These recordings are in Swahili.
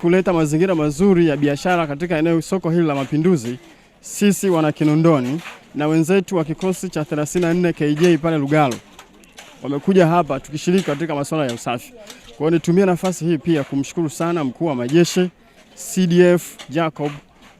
kuleta mazingira mazuri ya biashara katika eneo soko hili la Mapinduzi, sisi wana Kinondoni na wenzetu wa kikosi cha 34 KJ pale Lugalo wamekuja hapa tukishiriki katika masuala ya usafi. Kwa hiyo nitumie nafasi hii pia kumshukuru sana mkuu wa majeshi CDF Jacob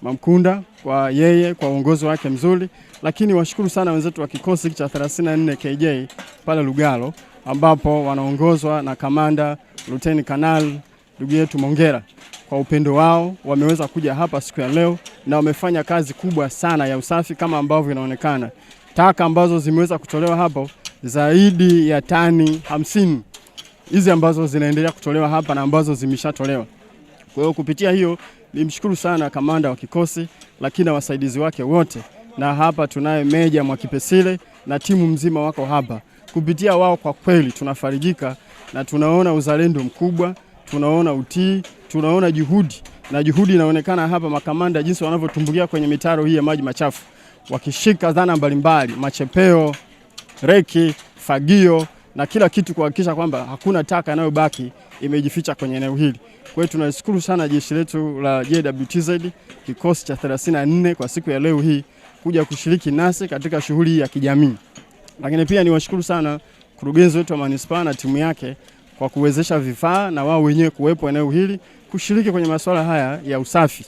Mamkunda kwa yeye kwa uongozi wake mzuri, lakini washukuru sana wenzetu wa kikosi cha 34 KJ pale Lugalo ambapo wanaongozwa na kamanda Luteni Kanali ndugu yetu Mongera kwa upendo wao wameweza kuja hapa siku ya leo na wamefanya kazi kubwa sana ya usafi kama ambavyo inaonekana. Taka ambazo zimeweza kutolewa hapo zaidi ya tani hamsini hizi ambazo zinaendelea kutolewa hapa na ambazo zimeshatolewa. Kwa hiyo kupitia hiyo nimshukuru sana kamanda wa kikosi, lakini na wasaidizi wake wote, na hapa tunaye Meja Mwakipesile na timu mzima wako hapa. Kupitia wao kwa kweli tunafarijika na tunaona uzalendo mkubwa tunaona utii, tunaona juhudi na juhudi inaonekana hapa, makamanda jinsi wanavyotumbukia kwenye mitaro hii ya maji machafu, wakishika dhana mbalimbali, machepeo, reki, fagio na kila kitu kuhakikisha kwamba hakuna taka inayobaki imejificha kwenye eneo hili. Kwa hiyo tunashukuru sana jeshi letu la JWTZ kikosi cha 34 kwa siku ya leo hii kuja kushiriki nasi katika shughuli hii ya kijamii, lakini pia niwashukuru sana mkurugenzi wetu wa manispaa na timu yake kwa kuwezesha vifaa na wao wenyewe kuwepo eneo hili kushiriki kwenye masuala haya ya usafi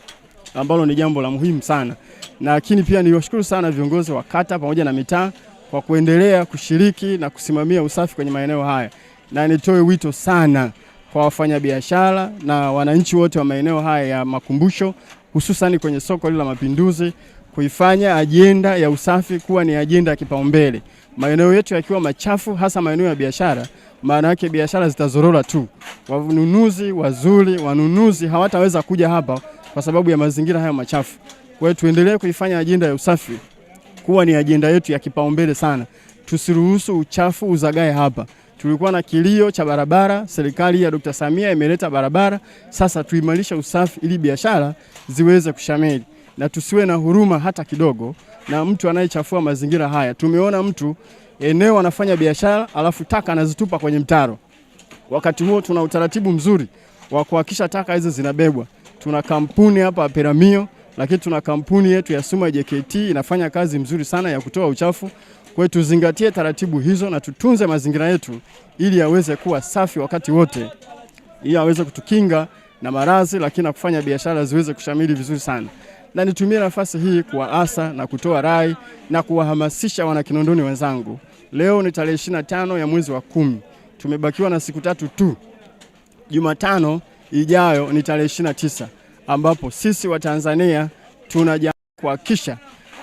ambalo ni jambo la muhimu sana. Lakini pia niwashukuru sana viongozi wa kata pamoja na mitaa kwa kuendelea kushiriki na kusimamia usafi kwenye maeneo haya, na nitoe wito sana kwa wafanyabiashara na wananchi wote wa maeneo haya ya makumbusho, hususan kwenye soko hili la Mapinduzi, kuifanya ajenda ya usafi kuwa ni ajenda ya kipaumbele. Maeneo yetu yakiwa machafu, hasa maeneo ya biashara maana yake biashara zitazorora tu. Wanunuzi wazuri, wanunuzi hawataweza kuja hapa kwa sababu ya mazingira haya machafu. Kwa hiyo tuendelee kuifanya ajenda ya usafi kuwa ni ajenda yetu ya kipaumbele sana. Tusiruhusu uchafu uzagae hapa. Tulikuwa na kilio cha barabara, serikali ya Dr. Samia imeleta barabara. Sasa tuimarisha usafi ili biashara ziweze kushamiri na tusiwe na huruma hata kidogo na mtu anayechafua mazingira haya. Tumeona mtu eneo anafanya biashara, alafu taka anazitupa kwenye mtaro. Wakati huo tuna utaratibu mzuri wa kuhakikisha taka hizo zinabebwa. Tuna kampuni hapa Peramio, lakini tuna kampuni yetu ya Suma JKT inafanya kazi mzuri sana ya kutoa uchafu. Kwa hiyo tuzingatie taratibu hizo na tutunze mazingira yetu ili yaweze kuwa safi wakati wote, ili aweze kutukinga na maradhi, lakini na kufanya biashara ziweze kushamili vizuri sana na nitumie nafasi hii kuwaasa na kutoa rai na kuwahamasisha wanakinondoni wenzangu. Leo ni tarehe 25 ya mwezi wa kumi, tumebakiwa na siku tatu tu. Jumatano ijayo ni tarehe tisa ambapo sisi Watanzania tunaja kuhakikisha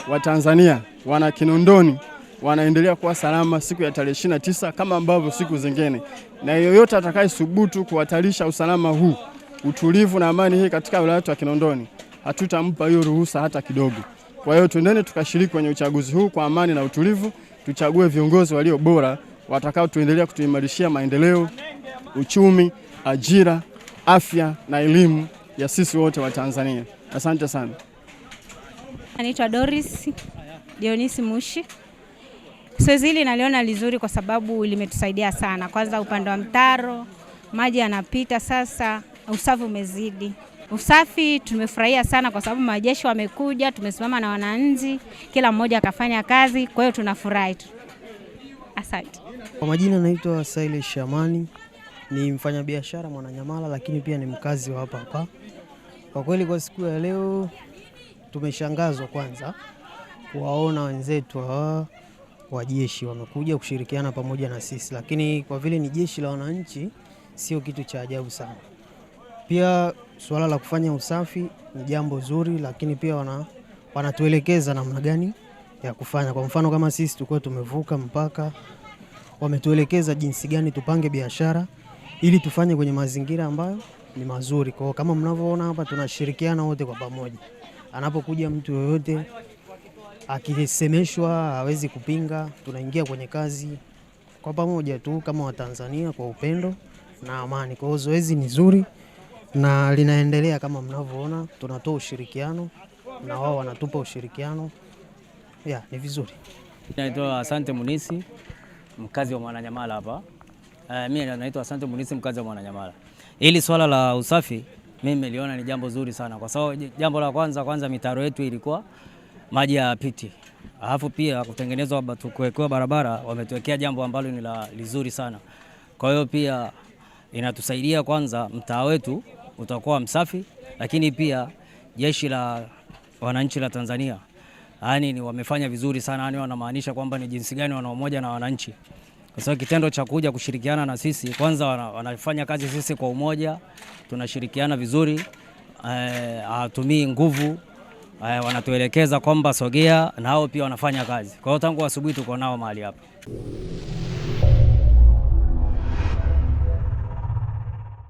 Watanzania wana Kinondoni wanaendelea kuwa salama siku ya tarehe tisa kama ambavyo siku zingine, na yoyote atakayesubutu kuhatarisha usalama huu, utulivu na amani hii katika wilaya ya Kinondoni hatutampa hiyo ruhusa hata kidogo. Kwa hiyo twendeni tukashiriki kwenye uchaguzi huu kwa amani na utulivu, tuchague viongozi walio bora watakao tuendelea kutuimarishia maendeleo, uchumi, ajira, afya na elimu ya sisi wote wa Tanzania. Asante sana. Anaitwa Doris Dionisi Mushi. Zoezi hili naliona lizuri kwa sababu limetusaidia sana. Kwanza upande wa mtaro maji yanapita sasa, usafi umezidi. Usafi tumefurahia sana kwa sababu majeshi wamekuja, tumesimama na wananchi, kila mmoja akafanya kazi, kwa hiyo tunafurahi tu. Asante. Kwa majina naitwa Saile Shamani, ni mfanyabiashara Mwananyamala, lakini pia ni mkazi wa hapa hapa. Kwa kweli kwa siku ya leo tumeshangazwa kwanza kuwaona wenzetu hawa wa jeshi wamekuja kushirikiana pamoja na sisi, lakini kwa vile ni jeshi la wananchi, sio kitu cha ajabu sana pia suala la kufanya usafi ni jambo zuri, lakini pia wana, wanatuelekeza namna gani ya kufanya. Kwa mfano kama sisi tulikuwa tumevuka mpaka, wametuelekeza jinsi gani tupange biashara ili tufanye kwenye mazingira ambayo ni mazuri. Kwa kama mnavyoona hapa, tunashirikiana wote kwa pamoja. Anapokuja mtu yoyote akisemeshwa, hawezi kupinga, tunaingia kwenye kazi kwa pamoja tu kama Watanzania kwa upendo na amani. Kwa hiyo zoezi ni zuri na linaendelea kama mnavyoona, tunatoa ushirikiano na wao wanatupa ushirikiano ya, ni vizuri. Naitwa Asante Munisi, mkazi wa Mwananyamala hapa. Uh, mimi naitwa Asante Munisi, mkazi wa Mwananyamala. Hili swala la usafi mimi nimeliona ni jambo zuri sana, kwa sababu jambo la kwanza kwanza mitaro yetu ilikuwa maji hayapiti, alafu pia kutengenezwa kuwekewa barabara, wametuwekea jambo ambalo ni la lizuri sana. Kwa hiyo pia inatusaidia kwanza mtaa wetu utakuwa msafi, lakini pia jeshi la wananchi la Tanzania yani ni wamefanya vizuri sana, yani wanamaanisha kwamba ni jinsi gani wana umoja na wananchi, kwa sababu kitendo cha kuja kushirikiana na sisi kwanza, wanafanya kazi sisi kwa umoja, tunashirikiana vizuri, hawatumii eh, e, nguvu e, wanatuelekeza kwamba sogea, na hao pia wanafanya kazi. Kwa hiyo tangu asubuhi tuko nao mahali hapa.